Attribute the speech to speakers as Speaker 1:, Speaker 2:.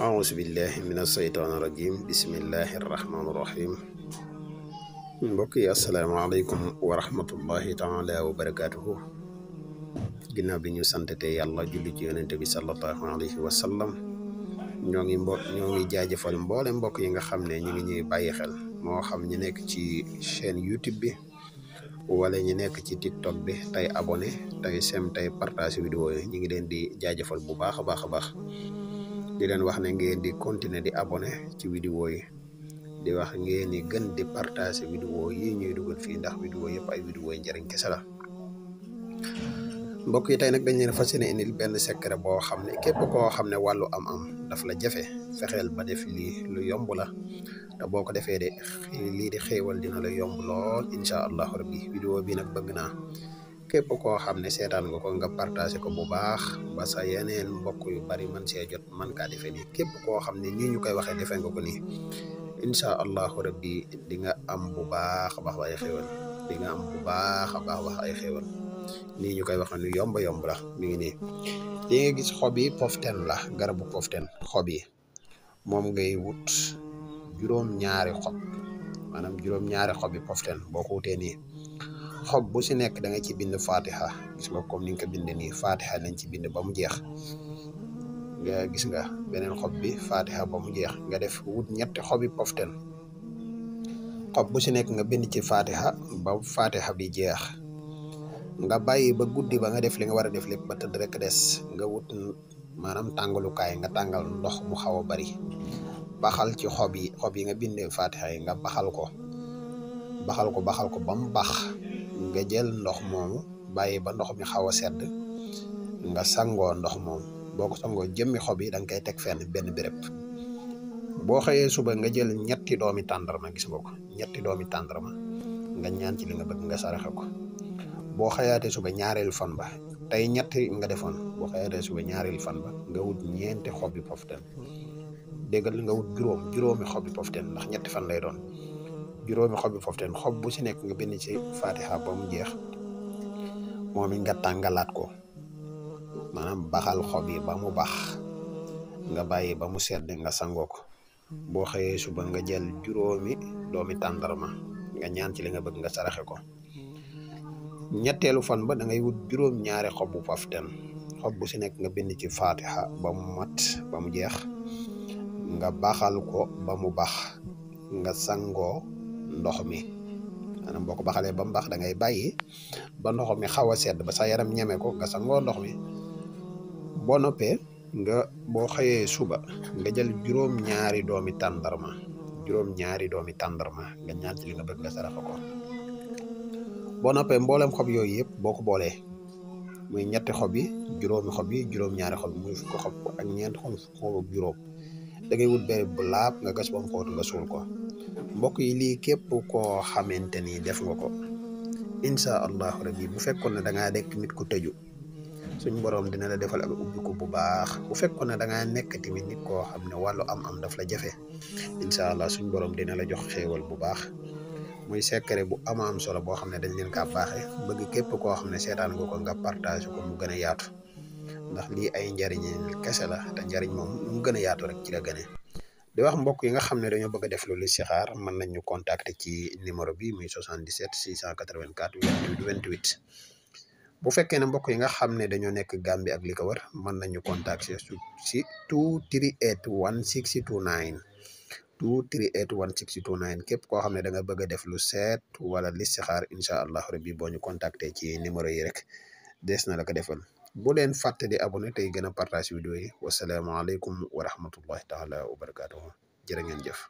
Speaker 1: أعوذ بالله من الشيطان الرجيم بسم الله الرحمن الرحيم mbokk السلام عليكم ورحمة الله تعالى وبركاته ginnaaw bi ñu santate yalla julli ci yonente bi sallallahu alayhi wa sallam ñongi ngi ñongi jaajeufal mbolé jaajëfal mbokk yi nga xamné ñi ngi ñuy bayyi xel mo xam ñi nekk ci chaîne youtube bi wala ñi nekk ci tiktok bi tay abonné tay sem tay partage vidéo yi ñi ngi leen di jaajeufal bu baaxa baaxa baax di leen wax ne ngeen di continuer di abonné ci vidéo yi di wax ngeen di gën di partager vidéo yi ñuy dugal fii ndax vidéo yëpp ay vidéo yi njariñ kese la mbokk yi tey nag dañ leen fas yéene indil benn secret boo xam ne képp koo xam ne wallu am-am daf la jafe fexeel ba def lii lu yomb la te boo ko defee de lii di xéewal dina la yomb lool incha allahu rabbi vidéo bi nag bëgg naa képp koo xam ne seetaan nga ko nga partagé ko bu baax ba sa yeneen ya mbokk yu bari man see jot man kaa defee nii képp koo xam ne nii ñu koy waxee defee nga ko nii insha allah rabbi di nga am bu baax a baax ay xéwal di nga am bu baax a baax ay xéwal nii ñu koy waxe nu yomb yomb la mi ngi nii nga gis xob poften la garabu poften xob yi moom ngay wut juróom ñaari xob maanaam juróom ñaari xob poften boo ko wutee xob bu ci nekk da nga ci bind fatiha gis nga comme ni nga bind ni fatiha lañ ci bind ba mu jeex nga gis nga benen xob bi fatiha ba mu jeex nga def wut ñetti xobi poftel xob bu ci nekk nga bind ci fatiha ba fatiha bi jeex nga bayyi ba guddi ba nga def li nga wara def lepp ba tëdd rek dess nga wut tangalu kay nga tangal ndox mu xawa bari baxal ci xob yi xob yi nga bindé fatiha yi nga baxal ko baxal ko baxal ko bam bax nga jël ndox moomu bàyyi ba ndox mi xaw a sedd nga sangoo ndox moomu boo ko sangoo jëmmi xob yi da koy teg fenn benn béréb boo xëyee suba nga jël ñetti doomi tàndarma gis nga ko ñetti doomi tàndarma nga ñaan ci li nga bëgg nga saraxe ko boo xëyaatee suba ñaareelu fan ba tey ñetti nga defoon boo xëyaatee suba ñaareelu fan ba nga wut ñeenti xob yi poften déggal nga wut juróom juróomi xob yi ndax ñetti fan lay doon juróomi xob bi xob bu si nekk nga bind ci fatiha ba mu jeex moom it nga tàngalaat ko maanaam baxal xob yi ba mu bax nga bàyyi ba mu sedd nga sangoo ko boo xëyee suba nga jël juróomi doomi tàndarma nga ñaan ci li nga bëgg nga saraxe ko ñetteelu fan ba da ngay wut juróom ñaari xob bu xob bu si nekk nga bind ci fatiha ba mu mat ba mu jeex nga baxal ko ba mu bax nga sangoo ndox mi maanaam boo ko baxalee ba mu baax da ngay bàyyi ba ndox mi xaw a sedd ba sa yaram ñeme ko nga sangoo ndox mi boo noppee nga boo xëyee suba nga jël juróom-ñaari doomi tàndarma juróom-ñaari doomi tàndarma nga ñaar ci li nga bëgg nga sarafa ko boo noppee mboolem xob yooyu yëpp boo ko boolee muy ñetti xob yi juróomi xob yi juróom-ñaari xob yi muy fukki xob ak ñeent xob juróom da ngay wut béréb bu laab nga gas ba mu xóot nga suul ko. mbokk yi lii képp koo xamante ni def nga ko incha allahu rabbi bu fekkoon ne da ngaa nekk nit ku tëju suñ borom dina la defal ak bu baax bu fekkoon ne da ngaa nekk tamit nit koo xam ne wàllu am-am daf la jafe incha allah suñ borom dina la jox xéewal bu baax muy secret bu ama am solo boo xam ne dañ leen kaa baaxee bëgg képp koo xam ne seetaan nga ko nga ko mu gën a yaatu ndax lii ay njariñ kese la te njariñ moom mu gën a yaatu rek ci la di wax mbokk yi nga xamne dañu dañoo bëgg a def loolu istixaar man nañ ñu contacter ci numéro bi muy 77 684 28 bu fekkee ne mbokk yi nga xamne dañu nekk Gambie ak li ko war man nañ ñu contacter ci 238 2381629 238 1629 képp koo xam ne da nga bëgg def lu seet wala li listixaar incha allah rabbi boo ñu contacter ci numéro yi rek. des na la ko defal bu leen fàtte di abonné tey gën a partage vidéo yi wasalaamaaleykum wa rahmatullahi taala wa barakaatuhu jërë ngeen jëf